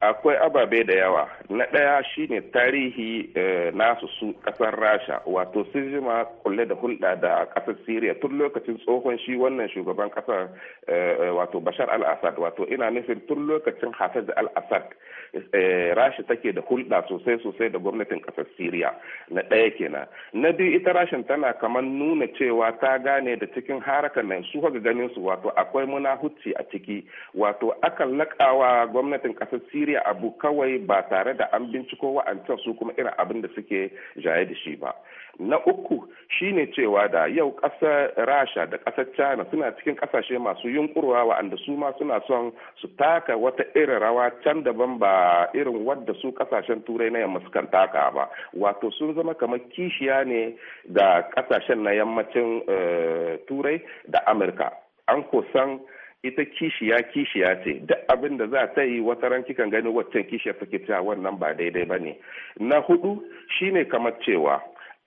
akwai ababe da yawa na ɗaya shine tarihi eh, nasu su ƙasar rasha wato sun jima kulle da hulɗa da ƙasar siriya tun lokacin tsohon shi wannan shugaban ƙasar eh, wato bashar al-assad wato ina nufin tun lokacin hafiz al-assad eh, rasha take da hulɗa sosai sosai da gwamnatin ƙasar siriya na ɗaya kenan na biyu ita rashin tana kamar nuna cewa ta gane da cikin harakan nan su ga ganin su wato akwai munahuci a ciki wato akan laƙawa gwamnatin ƙasar siriya shirya abu kawai ba tare da an binciko wa'ancan su kuma irin abin da suke jaye da shi ba na uku shine cewa da yau ƙasar rasha da ƙasar china suna cikin ƙasashe masu yunkurwa wa'anda su ma suna son su taka wata irin rawa can daban ba irin wadda su ƙasashen turai na yamma sukan taka ba wato sun zama kamar kishiya ne da ƙasashen na yammacin eh, turai da amurka an kusan ita kishiya kishiya ce duk abin da za ta yi wata ran kikan gani waccan kishiyar take cewa wannan ba daidai ba ne na hudu shine kamar cewa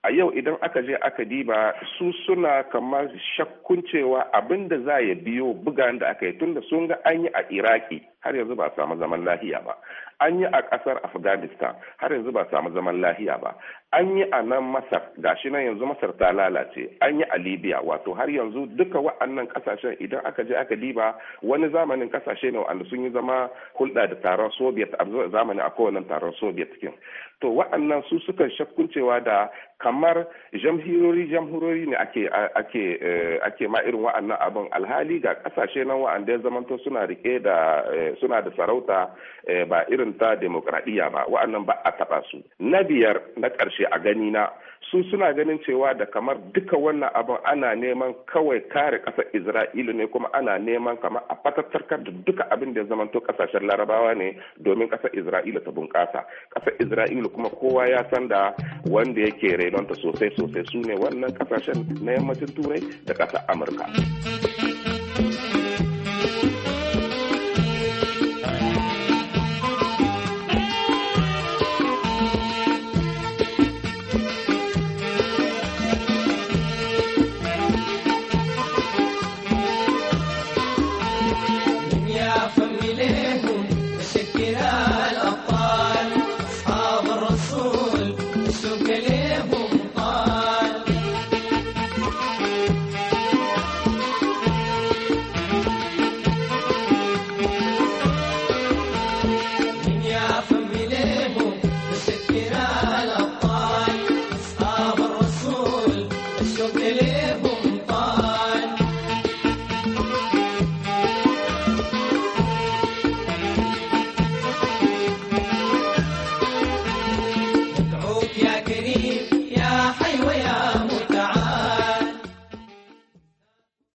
a yau idan aka je aka diba su suna kamar shakkun cewa abin da za ya biyo bugan da aka yi tunda sun ga an yi a iraki har yanzu ba samu zaman lahiya ba an yi a kasar afghanistan har yanzu ba samu zaman lahiya ba an yi a nan masar gashi nan yanzu masar ta lalace an yi a libya wato har yanzu duka wa'annan kasashen idan aka je aka diba wani zamanin kasashe ne wa'anda sun yi zama hulɗa da taron soviet a zamani a kowane taron soviet kin to wa'annan su sukan shakkuncewa da kamar jamhurori jamhurori ne ake ake eh, ake ma irin wa'annan abin alhali ga kasashe nan wa'anda ya zamanto suna rike da eh, suna da sarauta eh, ba irin ta demokradiyya ba wa'annan ba a taɓa su na biyar na ƙarshe a gani na su suna ganin cewa da kamar duka wannan abin ana neman kawai kare ƙasar isra'ila ne kuma ana neman kamar a fatattar da duka abin da ya zama to kasashen larabawa ne domin ƙasar isra'ila ta bunƙasa ƙasar isra'ila kuma kowa ya san da wanda yake rainonta sosai sosai su ne wannan ƙasashen na yammacin turai da ƙasar amurka quiero que le